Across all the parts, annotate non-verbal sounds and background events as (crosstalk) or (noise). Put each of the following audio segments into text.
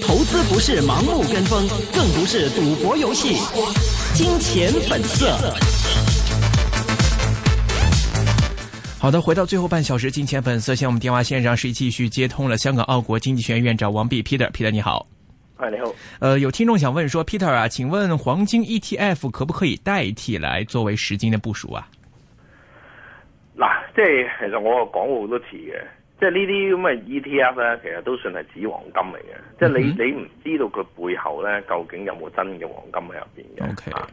投資不是盲目跟風，更不是賭博遊戲。金錢本色。好的，回到最後半小時，金錢本色，現在我們電話線上是繼續接通了？香港奧國經濟學院院長王弼 Peter，Peter 你好。哎，你好。呃，有聽眾想問說，Peter 啊，請問黃金 ETF 可不可以代替來作為實金的部署啊？嗱，即係其實我講過好多次嘅。即係呢啲咁嘅 ETF 咧，ET 其實都算係紙黃金嚟嘅。即係、mm hmm. 你你唔知道佢背後咧，究竟有冇真嘅黃金喺入邊嘅。咁誒 Okay.、啊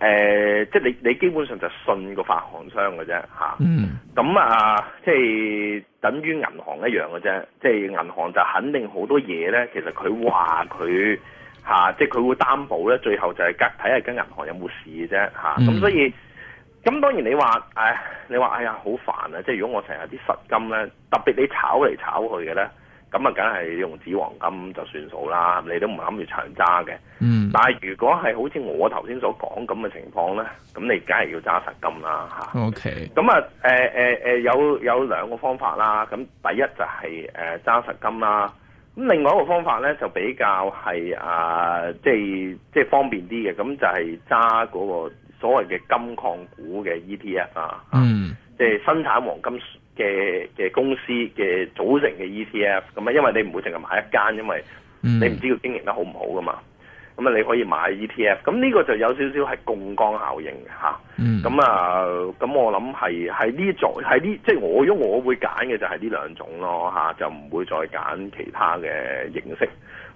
呃，即係你你基本上就信個發行商嘅啫咁啊，即係等於銀行一樣嘅啫。即係銀行就肯定好多嘢咧，其實佢話佢即係佢會擔保咧，最後就係隔睇係跟銀行有冇事嘅啫咁、啊 mm hmm. 啊、所以。咁當然你話、哎，你話，哎呀，好煩啊！即係如果我成日啲實金咧，特別你炒嚟炒去嘅咧，咁啊，梗係用紙黃金就算數啦。你都唔諗住長揸嘅。嗯。但係如果係好似我頭先所講咁嘅情況咧，咁你梗係要揸實金啦嚇。O K。咁啊 okay，誒誒誒，有有兩個方法啦。咁第一就係誒揸實金啦。咁另外一個方法咧，就比較係啊、呃，即係即係方便啲嘅。咁就係揸嗰個。所謂嘅金礦股嘅 ETF、嗯、啊，嗯，即係生產黃金嘅嘅公司嘅組成嘅 ETF，咁啊，因為你唔會淨係買一間，因為你唔知佢經營得好唔好噶嘛，咁啊、嗯，你可以買 ETF，咁呢個就有少少係槓桿效應嘅，咁啊，咁、嗯啊、我諗係係呢種係呢，即係、就是、我如果我會揀嘅就係呢兩種咯嚇、啊，就唔會再揀其他嘅形式。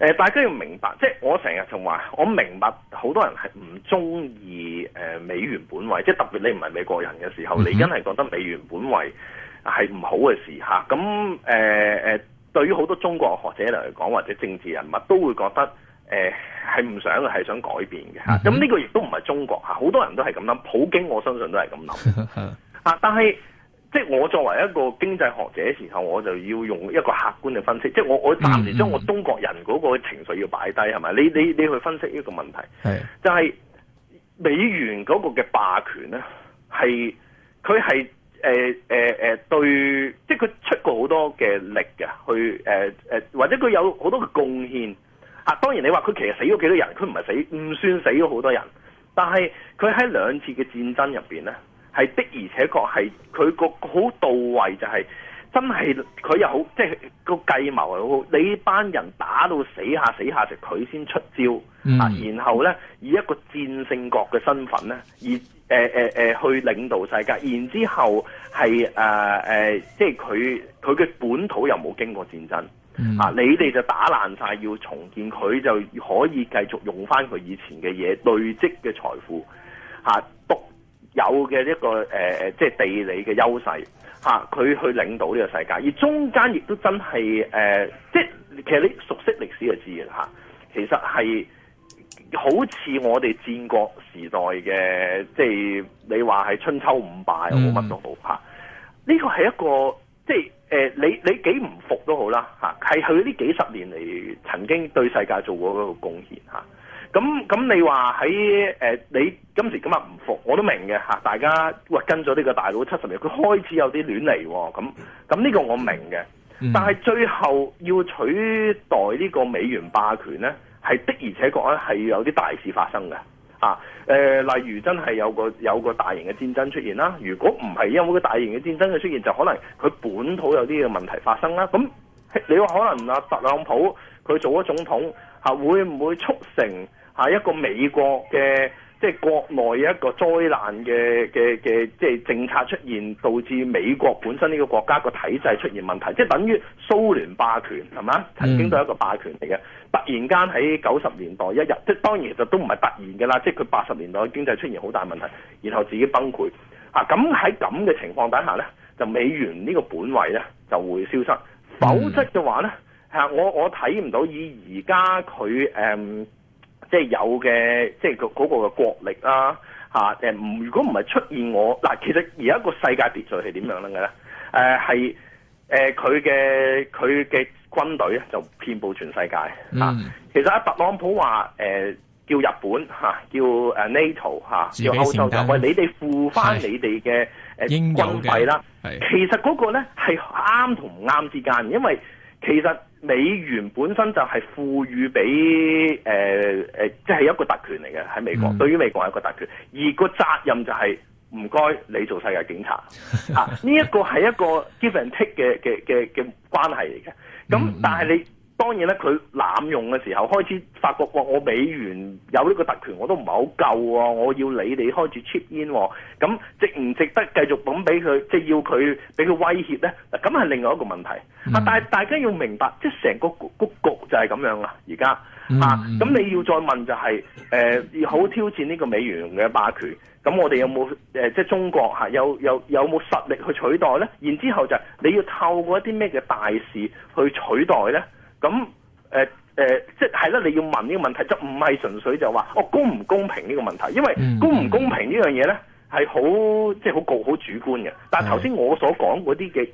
誒、呃，大家要明白，即係我成日同話，我明白好多人係唔中意誒美元本位，即係特別你唔係美國人嘅時候，你真係覺得美元本位係唔好嘅事吓。咁誒誒，對於好多中國學者嚟講，或者政治人物都會覺得誒係唔想，係想改變嘅吓。咁呢、啊、個亦都唔係中國吓，好、啊、多人都係咁諗，普京我相信都係咁諗吓，但係。即係我作為一個經濟學者嘅時候，我就要用一個客觀嘅分析。即係我我暫時將我中國人嗰個情緒要擺低，係咪、嗯嗯？你你你去分析呢個問題，是的 就係美元嗰個嘅霸權咧，係佢係誒誒誒對，即係佢出過好多嘅力嘅，去誒誒、呃，或者佢有好多嘅貢獻。啊，當然你話佢其實死咗幾多人，佢唔係死唔算死咗好多人，但係佢喺兩次嘅戰爭入邊咧。係的而且確係佢個好到位，佢嘅好到就係、是、真係佢又好，即係個計謀又好。你班人打到死下死下，就佢、是、先出招、嗯、啊！然後咧，以一個戰勝國嘅身份咧，而誒誒誒去領導世界。然之後係誒誒，即係佢佢嘅本土又冇經過戰爭、嗯、啊，你哋就打爛晒要重建佢，佢就可以繼續用返佢以前嘅嘢累積嘅財富啊！有嘅一個誒誒、呃，即係地理嘅優勢吓，佢、啊、去領導呢個世界，而中間亦都真係誒、呃，即係其實你熟悉歷史就知啦吓、啊，其實係好似我哋戰國時代嘅，即係你話係春秋五霸又好乜都好吓，呢個係一個即係誒、呃，你你幾唔服都好啦吓，係佢呢幾十年嚟，曾經對世界做過嗰個貢獻吓。啊咁咁，你話喺誒你今時今日唔服，我都明嘅，大家喂、呃、跟咗呢個大佬七十年，佢開始有啲亂嚟喎。咁咁呢個我明嘅，嗯、但係最後要取代呢個美元霸權呢，係的而且確咧係要有啲大事發生嘅。啊誒、呃，例如真係有個有個大型嘅戰爭出現啦。如果唔係因為個大型嘅戰爭嘅出現，就可能佢本土有啲嘅問題發生啦。咁你話可能啊特朗普佢做咗總統嚇、啊，會唔會促成？啊！一個美國嘅即係國內一個災難嘅嘅嘅，即係政策出現，導致美國本身呢個國家個體制出現問題，即係等於蘇聯霸權係嘛？曾經都係一個霸權嚟嘅，突然間喺九十年代一日，即係當然其實都唔係突然嘅啦，即係佢八十年代嘅經濟出現好大問題，然後自己崩潰啊！咁喺咁嘅情況底下呢，就美元呢個本位呢就會消失，否則嘅話呢，我我睇唔到以而家佢即係有嘅，即係嗰個嘅國力啦、啊，嚇誒唔如果唔係出現我嗱，其實而家個世界秩序係點樣咧嘅咧？誒係誒佢嘅佢嘅軍隊咧就遍布全世界啊。嗯、其實阿特朗普話誒、呃、叫日本嚇、啊、叫誒 NATO 嚇、啊，叫歐洲就話你哋付翻你哋嘅誒軍費啦。其實嗰個咧係啱同唔啱之間，因為其實。美元本身就係賦予俾誒誒，即、呃、係、呃就是、一個特權嚟嘅喺美國，對於美國係一個特權，而個責任就係唔該你做世界警察啊！呢、這、一個係一個 give and take 嘅嘅嘅嘅關係嚟嘅，咁但係你。當然咧，佢濫用嘅時候開始發覺，哇！我美元有呢個特權，我都唔係好夠喎，我要理你哋開始 chip in 喎。咁值唔值得繼續咁俾佢？即係要佢俾佢威脅咧？嗱，咁係另外一個問題。嗯、啊，但係大家要明白，即係成個局局就係咁樣現在啊！而家啊，咁你要再問就係、是、誒、呃，要好挑戰呢個美元嘅霸權。咁我哋有冇誒、呃？即係中國嚇、啊、有有有冇實力去取代咧？然之後就係你要透過一啲咩嘅大事去取代咧？咁誒誒，即係啦！你要問呢個問題，就唔係純粹就話哦公唔公平呢個問題，因為公唔公平呢樣嘢咧係好即係好高、好主觀嘅。但係頭先我所講嗰啲嘅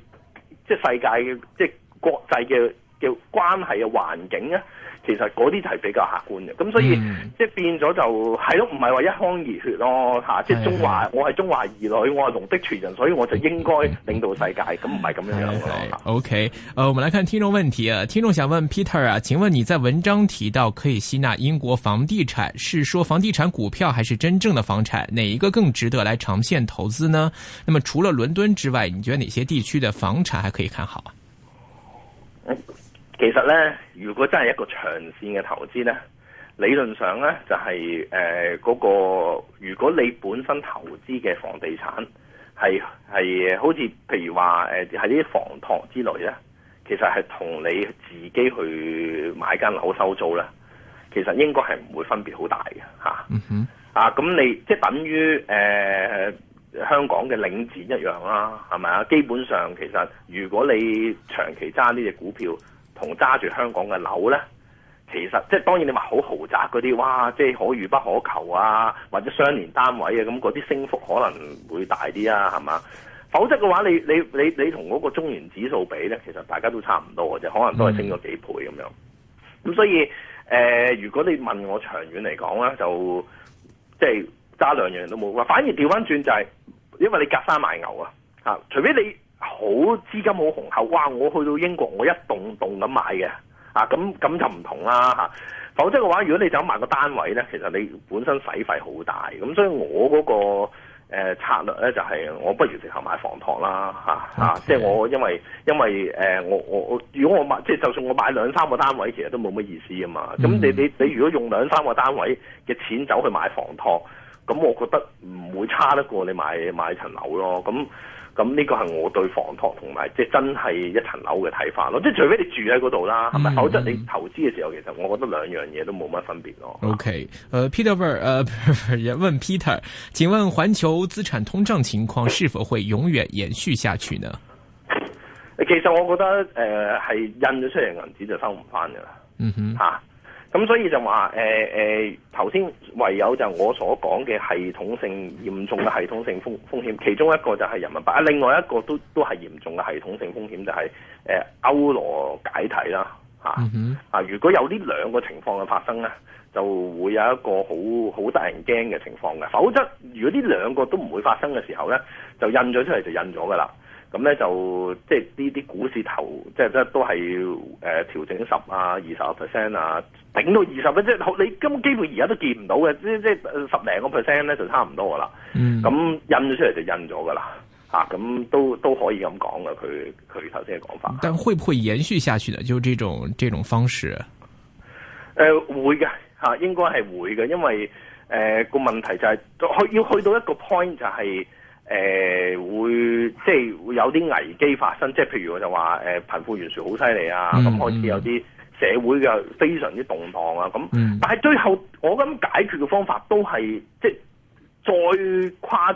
即係世界嘅即係國際嘅。嘅關係嘅環境呢，其實嗰啲就係比較客觀嘅，咁所以、嗯、即係變咗就係咯，唔係話一腔熱血咯嚇，即係中華，我係中華兒女，我係龍的傳人，所以我就應該領導世界，咁唔係咁樣樣嘅。OK，呃，我們來看聽眾問題啊，聽眾想問 Peter 啊，請問你在文章提到可以吸納英國房地產，是說房地產股票，還是真正的房產？哪一個更值得來長線投資呢？那麼除了倫敦之外，你覺得哪些地區的房產還可以看好啊？嗯其實呢，如果真係一個長線嘅投資呢，理論上呢就係誒嗰個，如果你本身投資嘅房地產係係好似譬如話誒係啲房託之類呢，其實係同你自己去買間樓收租呢，其實應該係唔會分別好大嘅吓。嗯、哼啊，咁你即係等於誒、呃、香港嘅領展一樣啦、啊，係咪啊？基本上其實如果你長期揸呢隻股票。同揸住香港嘅樓咧，其實即係當然你話好豪宅嗰啲，哇！即係可遇不可求啊，或者相連單位啊，咁嗰啲升幅可能會大啲啊，係嘛？否則嘅話，你你你你同嗰個中原指數比咧，其實大家都差唔多嘅啫，可能都係升咗幾倍咁樣。咁、嗯、所以誒、呃，如果你問我長遠嚟講咧，就即係揸兩樣都冇，反而調翻轉就係、是，因為你隔山買牛啊，嚇！除非你。好資金好雄厚，哇！我去到英國，我一棟棟咁買嘅，啊，咁咁就唔同啦、啊、否則嘅話，如果你走買個單位咧，其實你本身使費好大，咁所以我嗰、那個、呃、策略咧就係、是，我不如直頭買房託啦、啊啊、即係我因為因為、呃、我我我如果我買，即係就算我買兩三個單位，其實都冇乜意思啊嘛。咁、嗯、你你你如果用兩三個單位嘅錢走去買房託，咁我覺得唔會差得過你買買層樓咯。咁咁呢個係我對房託同埋即係真係一層樓嘅睇法咯，即係除非你住喺嗰度啦，係咪、嗯？否則你投資嘅時候，其實我覺得兩樣嘢都冇乜分別咯。OK，誒 Peter，誒、呃、問 Peter，請問環球資產通脹情況是否會永遠延續下去呢？其實我覺得誒係、呃、印咗出嚟銀紙就收唔翻噶啦。嗯哼，啊咁所以就話誒誒頭先唯有就我所講嘅系統性嚴重嘅系統性風風險，其中一個就係人民幣，啊另外一個都都係嚴重嘅系統性風險，就係誒歐羅解體啦嚇啊，嗯哼，啊如果有呢兩個情況嘅發生咧，就會有一個好好得人驚嘅情況嘅。否則如果呢兩個都唔會發生嘅時候咧，就印咗出嚟就印咗㗎啦。咁咧就即係呢啲股市頭，即係都都係誒調整十啊、二十 percent 啊，頂到二十 percent 即係你根本基本而家都見唔到嘅，即即十零個 percent 咧就差唔多噶啦。咁、嗯、印咗出嚟就印咗噶啦，嚇、啊、咁都都可以咁講噶，佢佢頭先嘅講法。但會唔會延續下去呢？就呢種呢種方式？誒、呃、會嘅嚇、啊，應該係會嘅，因為誒個、呃、問題就係、是、去要去到一個 point 就係、是。誒、呃、會即係會有啲危機發生，即係譬如我就話誒貧富懸殊好犀利啊，咁、嗯嗯、開始有啲社會嘅非常之動盪啊，咁、嗯，但係最後我咁解決嘅方法都係即係再誇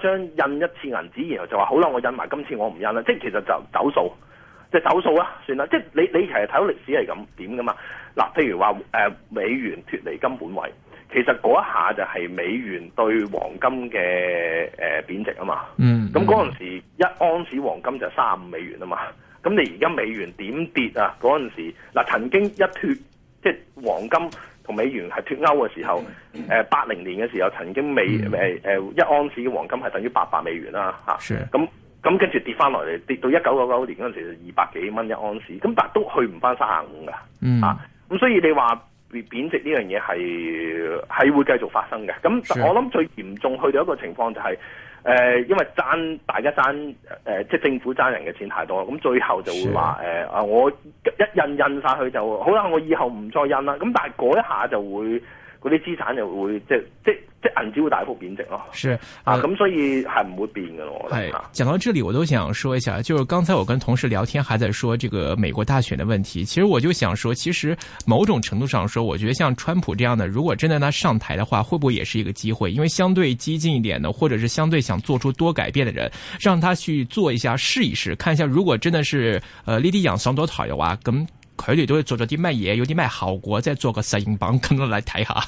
張印一次銀紙，然後就話好啦，我印埋今次我唔印啦，即係其實就走數，就走數啦，算啦，即係你你其實睇到歷史係咁點㗎嘛？嗱、呃，譬如話誒、呃、美元脱離金本位。其實嗰一下就係美元對黃金嘅誒貶值啊嘛，咁嗰陣時候一盎司黃金就三十五美元啊嘛，咁你而家美元點跌啊？嗰陣時嗱、啊、曾經一脱即係黃金同美元係脱歐嘅時候，誒八零年嘅時候曾經美誒誒、嗯呃、一盎司黃金係等於八百美元啦、啊、嚇，咁咁跟住跌翻落嚟跌到一九九九年嗰陣時就二百幾蚊一盎司，咁但係都去唔翻三十五噶嚇，咁、嗯啊、所以你話？貶貶值呢樣嘢係會繼續發生嘅，咁我諗最嚴重去到一個情況就係、是的呃，因為大家爭即、呃、政府爭人嘅錢太多，咁最後就會話啊的、呃，我一印印晒佢就好啦，我以後唔再印啦，咁但係嗰一下就會，嗰啲資產就會即即即係銀紙會大幅貶值咯。是啊，咁、啊嗯、所以係唔會變嘅咯。係。講、哎、到這裏我都想說一下，就是剛才我跟同事聊天，還在說這個美國大選的問題，其實我就想說，其實某種程度上說，我覺得像川普這樣的，如果真的他上台的話會不會也是一個機會，因為相對激進一點的，或者是相對想做出多改變的人，讓他去做一下試一試看一下，如果真的是，呃，立地養桑多草油啊，咁佢哋都會做咗啲咩嘢，有啲咩效果，再做個實驗榜咁樣來睇下。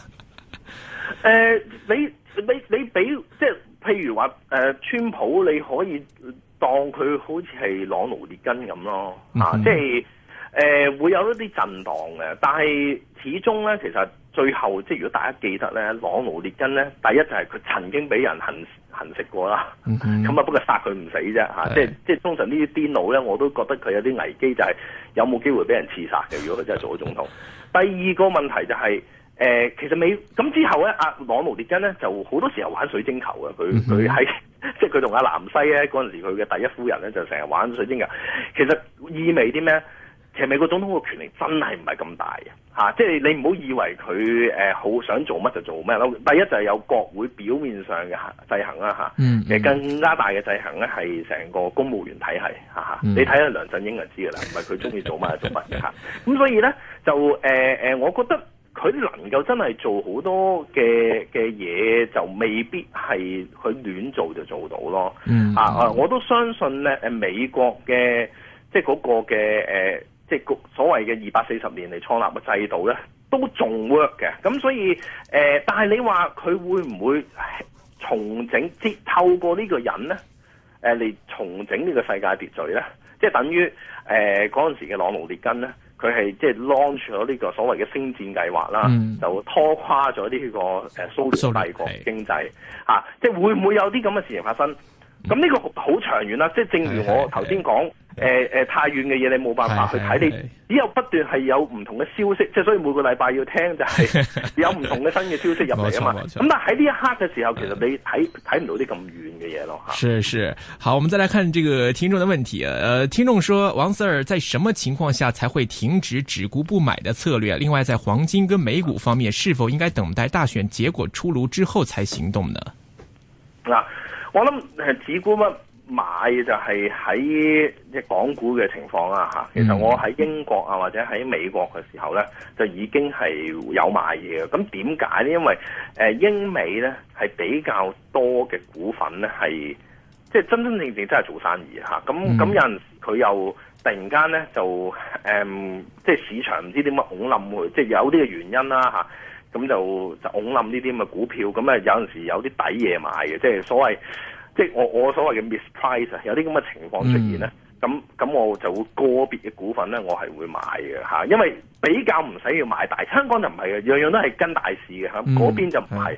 誒、呃、你你你俾即係譬如話誒、呃、川普，你可以當佢好似係朗奴列根咁咯，嗯、哼啊即係誒、呃、會有一啲震盪嘅，但係始終咧其實最後即係如果大家記得咧，朗奴列根咧第一就係佢曾經俾人行行食過啦，咁啊、嗯、哼不過殺佢唔死啫的即係即係通常呢啲癲腦咧，我都覺得佢有啲危機就係有冇機會俾人刺殺嘅，如果佢真係做咗總統。 (laughs) 第二個問題就係、是。誒、呃，其實美咁之後咧、啊，阿朗奴列根咧就好多時候玩水晶球啊！佢佢喺，即係佢同阿南西咧嗰陣時，佢嘅第一夫人咧就成日玩水晶球。其實意味啲咩？其實美國總統嘅權力真係唔係咁大嘅吓、啊，即係你唔好以為佢誒好想做乜就做咩咯。第一就係有國會表面上嘅制衡啦吓，其、啊、實、mm hmm. 更加大嘅制衡咧係成個公務員體系吓吓。啊 mm hmm. 你睇下梁振英就知噶啦，唔係佢中意做乜就做乜嘅吓。咁、 (laughs) 啊、所以咧就誒誒、呃，我覺得。佢能夠真係做好多嘅嘅嘢，就未必係佢亂做就做到咯。啊、mm hmm. 啊！我都相信咧，誒美國嘅即係嗰個嘅誒，即係、呃、所謂嘅二百四十年嚟創立嘅制度咧，都仲 work 嘅。咁所以誒、呃，但係你話佢會唔會重整？透過呢個人咧，誒、呃、嚟重整呢個世界秩序咧，即係等於誒嗰陣時嘅朗奴列根咧。佢係即係 launch 咗呢個所謂嘅星戰計劃啦，嗯、就拖垮咗呢個誒蘇聯帝國經濟吓、啊，即係會唔會有啲咁嘅事情發生？咁呢、嗯、個好長遠啦，即係正如我頭先講。誒誒、呃呃，太遠嘅嘢你冇辦法去睇，是是是，你只有不斷係有唔同嘅消息，即係是所以每個禮拜要聽就係有唔同嘅新嘅消息入嚟啊嘛。咁 (laughs) 但喺呢一刻嘅時候，其實你睇睇唔到啲咁遠嘅嘢咯吓。是是，好，我們再來看這個聽眾的問題啊。呃，聽眾說，王 Sir 在什麼情況下才會停止只沽不買的策略？另外，在黃金跟美股方面，是否應該等待大選結果出爐之後才行動呢？嗱、啊，我諗係只沽乜？呃買就係喺即港股嘅情況啊，嚇！其實我喺英國啊，或者喺美國嘅時候咧，就已經係有買嘢嘅。咁點解咧？因為誒英美咧係比較多嘅股份咧係即真真正正真係做生意嚇。咁咁、嗯、有陣時佢又突然間咧就誒、嗯、即市場唔知點樣拱冧佢，即有啲嘅原因啦嚇。咁、啊、就就拱冧呢啲咁嘅股票，咁啊有陣時有啲抵嘢買嘅，即係所謂。即係我我所謂嘅 misprice 啊，有啲咁嘅情況出現咧，咁咁、嗯、我就會個別嘅股份咧，我係會買嘅嚇，因為比較唔使要買大，香港就唔係嘅，樣樣都係跟大市嘅嚇，嗰、嗯、邊就唔係，咁、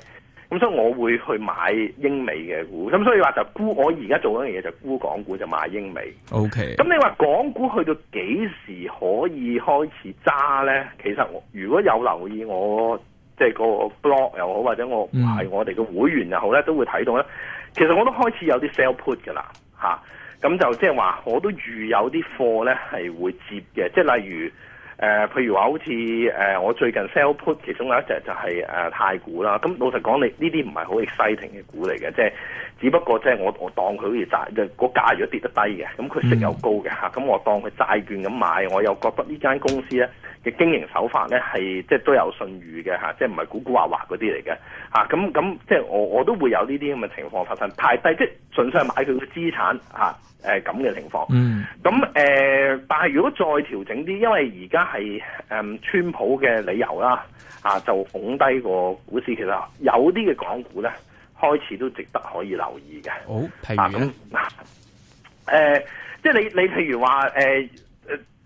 嗯、所以我會去買英美嘅股，咁所以話就沽我而家做嗰樣嘢就是沽港股就買英美。O K. 咁你話港股去到幾時可以開始揸咧？其實我如果有留意我。即係個 blog 又好，或者我唔係、mm. 我哋嘅會員又好咧，都會睇到咧。其實我都開始有啲 sell put 㗎啦，咁、啊、就即係話我都預有啲貨咧係會接嘅。即係例如誒、呃，譬如話好似誒、呃，我最近 sell put 其中有一隻就係、是、誒、就是呃、太古啦。咁老實講，你呢啲唔係好 exciting 嘅股嚟嘅，即係只不過即係我我當佢好似債，即係個價如果跌得低嘅，咁佢息又高嘅咁、mm. 啊、我當佢債券咁買，我又覺得呢間公司咧。嘅經營手法咧係即係都有信譽嘅嚇，即係唔係古古惑惑嗰啲嚟嘅嚇。咁、啊、咁即係我我都會有呢啲咁嘅情況發生，太低即係純粹係買佢嘅資產嚇。誒咁嘅情況，咁誒、嗯呃，但係如果再調整啲，因為而家係誒川普嘅理由啦，啊就拱低個股市，其實有啲嘅港股咧開始都值得可以留意嘅。好、哦，譬如咁，誒、啊呃，即係你你譬如話誒。呃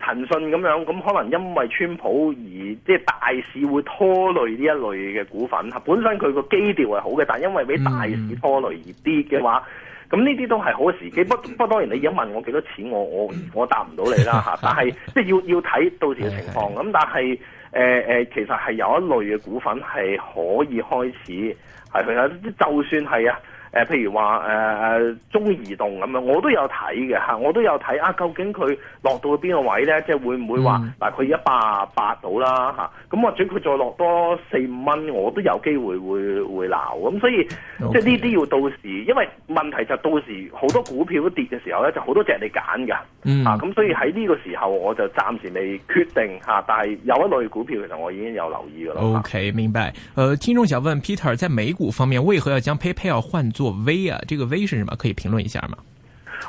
騰訊咁樣，咁可能因為川普而即係大市會拖累呢一類嘅股份。本身佢個基調係好嘅，但因為俾大市拖累而啲嘅話，咁呢啲都係好嘅時機。不不當然，你而家問我幾多錢，我我我答唔到你啦 (laughs) 但係即係要要睇到時嘅情況。咁 (laughs) 但係、呃、其實係有一類嘅股份係可以開始係佢就算係啊。誒、呃，譬如話誒、呃、中移動咁樣，我都有睇嘅、啊、我都有睇啊。究竟佢落到去邊個位咧？即係會唔會話嗱，佢一百八到啦嚇，咁或者佢再落多四五蚊，我都有機會會會，會鬧咁、啊。所以即係呢啲要到時，Okay. 因為問題就到時好多股票都跌嘅時候咧，就好多隻你揀㗎嚇。咁、啊啊嗯啊嗯、所以喺呢個時候，我就暫時未決定、啊、但係有一類股票其實我已經有留意㗎啦。OK，明白。誒、呃，聽眾想問 Peter 在美股方面，為何要將 PayPal 換？做 V 啊，這個 V 是什麼可以評論一下嗎？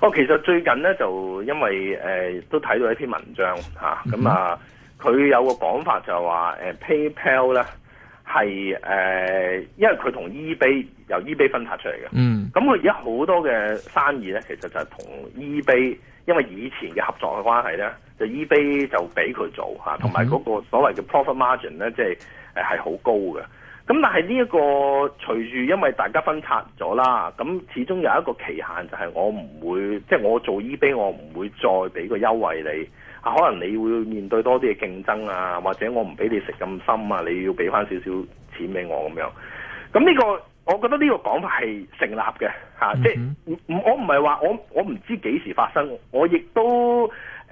哦，其實最近咧就因為誒、呃、都睇到一篇文章吓，咁啊佢、嗯、哼有個講法就係話誒、呃、PayPal 咧係誒、呃、因為佢同 eBay 由 eBay 分拆出嚟嘅，嗯，咁佢而家好多嘅生意咧其實就係同 eBay，因為以前嘅合作嘅關係咧，就 eBay 就俾佢做吓，同埋嗰個所謂嘅 profit margin 咧，即係誒係好高嘅。咁但係呢一個隨住因為大家分拆咗啦，咁始終有一個期限就，就係我唔會即係我做 eBay，我唔會再俾個優惠你。啊，可能你會面對多啲嘅競爭啊，或者我唔俾你食咁深啊，你要俾翻少少錢俾我咁樣。咁呢、呢個我覺得呢個講法係成立嘅、嗯、哼即係我唔係話我我唔知幾時發生，我亦都。誒誒誒誒，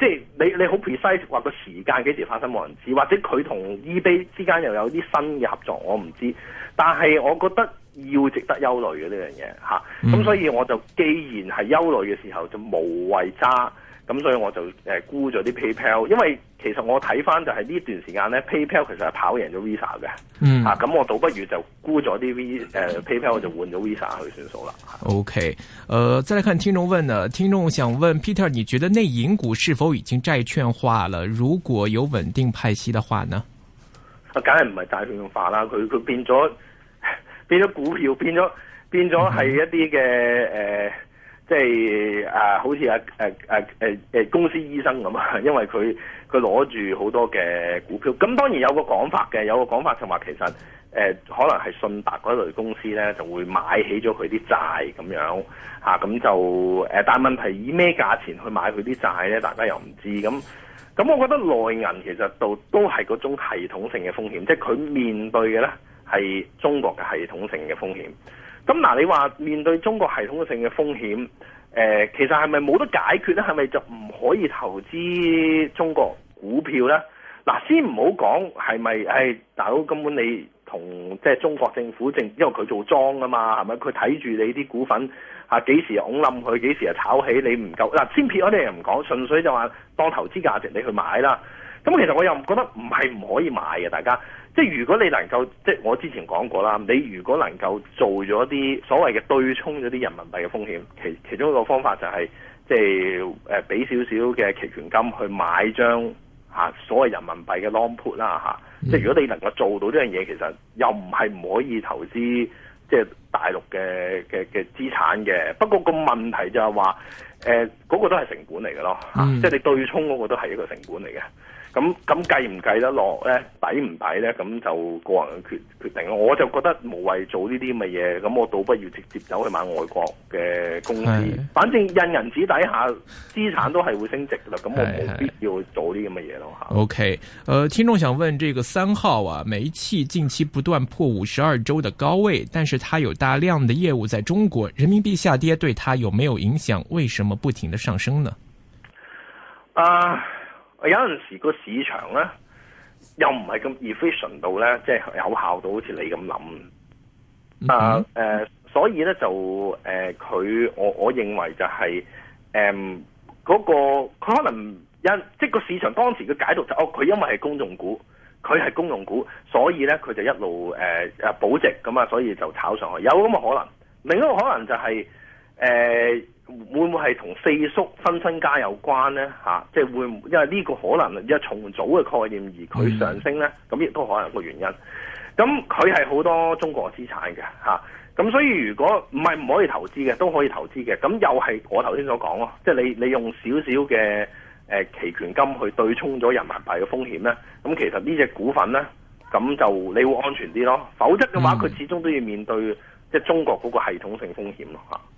即係你你好 precise，話個時間幾時發生冇人知，或者佢同 eBay 之間又有啲新嘅合作，我唔知。但係我覺得要值得憂慮嘅呢樣嘢吓，咁所以我就既然係憂慮嘅時候，就無謂揸。咁所以我就誒沽咗啲 PayPal，因為其實我睇返就係呢段時間咧，PayPal 其實係跑贏咗 Visa 嘅。嗯。啊，咁我倒不如就沽咗啲 V、呃、PayPal，我就換咗 Visa 去算數啦。OK，誒、呃，再嚟看聽眾問呢，聽眾想問 Peter，你覺得內銀股是否已經債券化啦？如果有穩定派息嘅話呢？啊，梗係唔係債券化啦？佢佢變咗變咗股票，變咗變咗係一啲嘅誒。嗯呃即係啊，好似阿誒公司醫生咁啊，因為佢佢攞住好多嘅股票。咁當然有個講法嘅，有個講法就話其實誒、呃、可能係信達嗰類公司咧，就會買起咗佢啲債咁樣嚇。咁、啊、就誒，但問題以咩價錢去買佢啲債咧？大家又唔知咁。咁我覺得內銀其實都都係嗰種系統性嘅風險，即係佢面對嘅咧係中國嘅系統性嘅風險。咁嗱，你話面對中國系統性嘅風險，呃，其實係咪冇得解決咧？係咪就唔可以投資中國股票咧？嗱，先唔好講係咪大佬根本你同即係中國政府正，因為佢做莊啊嘛，係咪？佢睇住你啲股份啊幾、啊、時㧬冧佢，幾時啊炒起你唔夠嗱？先、啊、撇我哋又唔講，純粹就話當投資價值你去買啦。咁其實我又唔覺得唔係唔可以買嘅，大家。即係如果你能夠，即係我之前講過啦，你如果能夠做咗啲所謂嘅對沖咗啲人民幣嘅風險，其其中一個方法就係、是、即係誒俾少少嘅期權金去買張、啊、所謂人民幣嘅 long put 啦、啊、即係如果你能夠做到呢樣嘢，其實又唔係唔可以投資即係大陸嘅嘅嘅資產嘅。不過個問題就係話誒嗰個都係成本嚟㗎咯，啊嗯、即係你對沖嗰個都係一個成本嚟嘅。咁咁計唔計得落咧？抵唔抵咧？咁就個人決決定咯。我就覺得無謂做呢啲咁嘅嘢，咁我倒不如直接走去買外國嘅公司。Hey. 反正印銀紙底下資產都係會升值啦，咁我冇必要做啲咁嘅嘢咯吓。O K，呃聽眾想問：這個三號啊，煤氣近期不斷破五十二周的高位，但是它有大量的業務在中國，人民幣下跌對它有沒有影響？為什麼不停的上升呢？啊！Uh, 啊、有陣時個市場咧，又唔係咁 efficient 到咧，即係有效到好似你咁諗。Mm hmm. 啊，誒、呃，所以咧就誒，佢、呃、我我認為就係誒嗰個，佢可能有即係個市場當時嘅解讀就是、哦，佢因為係公用股，佢係公用股，所以咧佢就一路誒誒保值咁啊，所以就炒上去，有咁嘅可能。另一個可能就係、是、誒。呃會唔會係同四叔分身家有關呢？嚇、啊，即係會唔因為呢個可能，一重組嘅概念而佢上升呢，咁亦都可能有個原因。咁佢係好多中國資產嘅嚇，咁、啊、所以如果唔係唔可以投資嘅，都可以投資嘅。咁又係我頭先所講咯，即係你你用少少嘅誒期權金去對沖咗人民幣嘅風險呢。咁其實呢隻股份呢，咁就你會安全啲咯。否則嘅話，佢始終都要面對即係中國嗰個系統性風險咯嚇。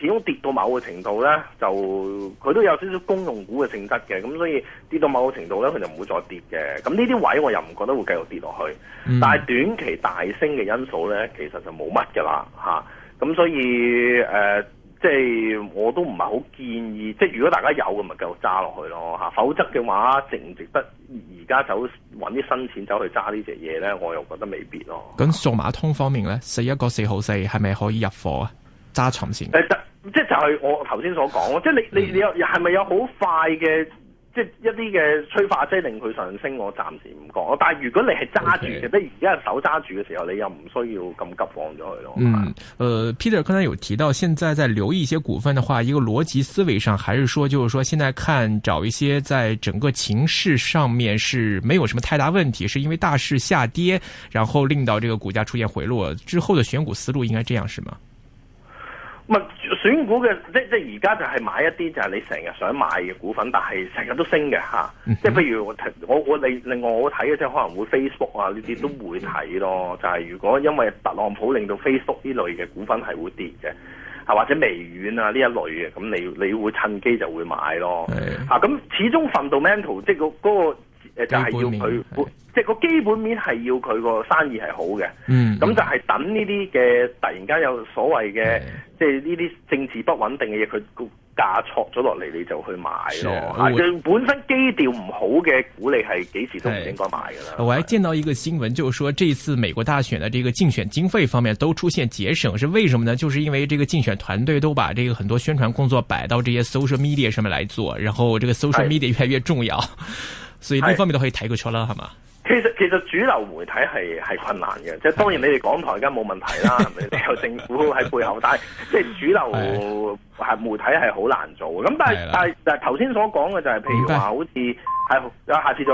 始終跌到某個程度呢，就佢都有少少公用股嘅性質嘅，咁所以跌到某個程度呢，佢就唔會再跌嘅。咁呢啲位我又唔覺得會繼續跌落去。嗯、但係短期大升嘅因素呢，其實就冇乜嘅啦，咁、嗯、所以、呃、即係我都唔係好建議。即係如果大家有嘅，咪繼續揸落去咯。否則嘅話，值唔值得而家走揾啲新錢走去揸呢隻嘢呢？我又覺得未必咯。咁、嗯、數碼通方面呢，四一個四號四係咪可以入貨啊？揸長線即係就係我頭先所講，即係你你你有係咪有好快嘅即係一啲嘅催化劑，即令佢上升？我暫時唔講。但係如果你係揸住嘅，即係而家係手揸住嘅時候，你又唔需要咁急放咗佢咯。嗯、呃、，Peter 剛才有提到，現在在留意一些股份的話，一個邏輯思維上，還是說，就是說，現在看找一些在整個情勢上面是沒有什麼太大問題，是因為大市下跌，然後令到這個股價出現回落之後的選股思路應該這樣是嗎？選股嘅，即即而家就係買一啲就係你成日想買嘅股份，但係成日都升嘅嚇、啊。即係譬如我我我另另外我睇嘅即係可能會 Facebook 啊呢啲都會睇咯。就係、係、如果因為特朗普令到 Facebook 呢類嘅股份係會跌嘅、啊，或者微軟啊呢一類嘅，咁你你會趁機就會買咯。咁是的、啊、始終 fundamental 即係嗰、嗰個。就係要佢，即係個基本面係要佢個生意係好嘅。嗯，咁就係等呢啲嘅突然間有所謂嘅，即係呢啲政治不穩定嘅嘢，佢個是價挫咗落嚟，你就去買咯。本身基調唔好嘅股，你係幾時都唔應該買㗎啦。我還見到一個新聞，就是說這次美國大選嘅這個競選經費方面都出現節省，是為什麼呢？就是因為這個競選團隊都把這個很多宣傳工作擺到這些 social media 上面嚟做，然後這個 social media 越來越重要。所以呢方面都可以睇佢出啦，係嘛？其實其實主流媒體係係困難嘅，即係的當然你哋港台而家冇問題啦，係咪？ (laughs) 你有政府喺背後但係，即係主流係媒體係好難做。咁但係但係頭先所講嘅就係、是，是的譬如話好似係白下次就。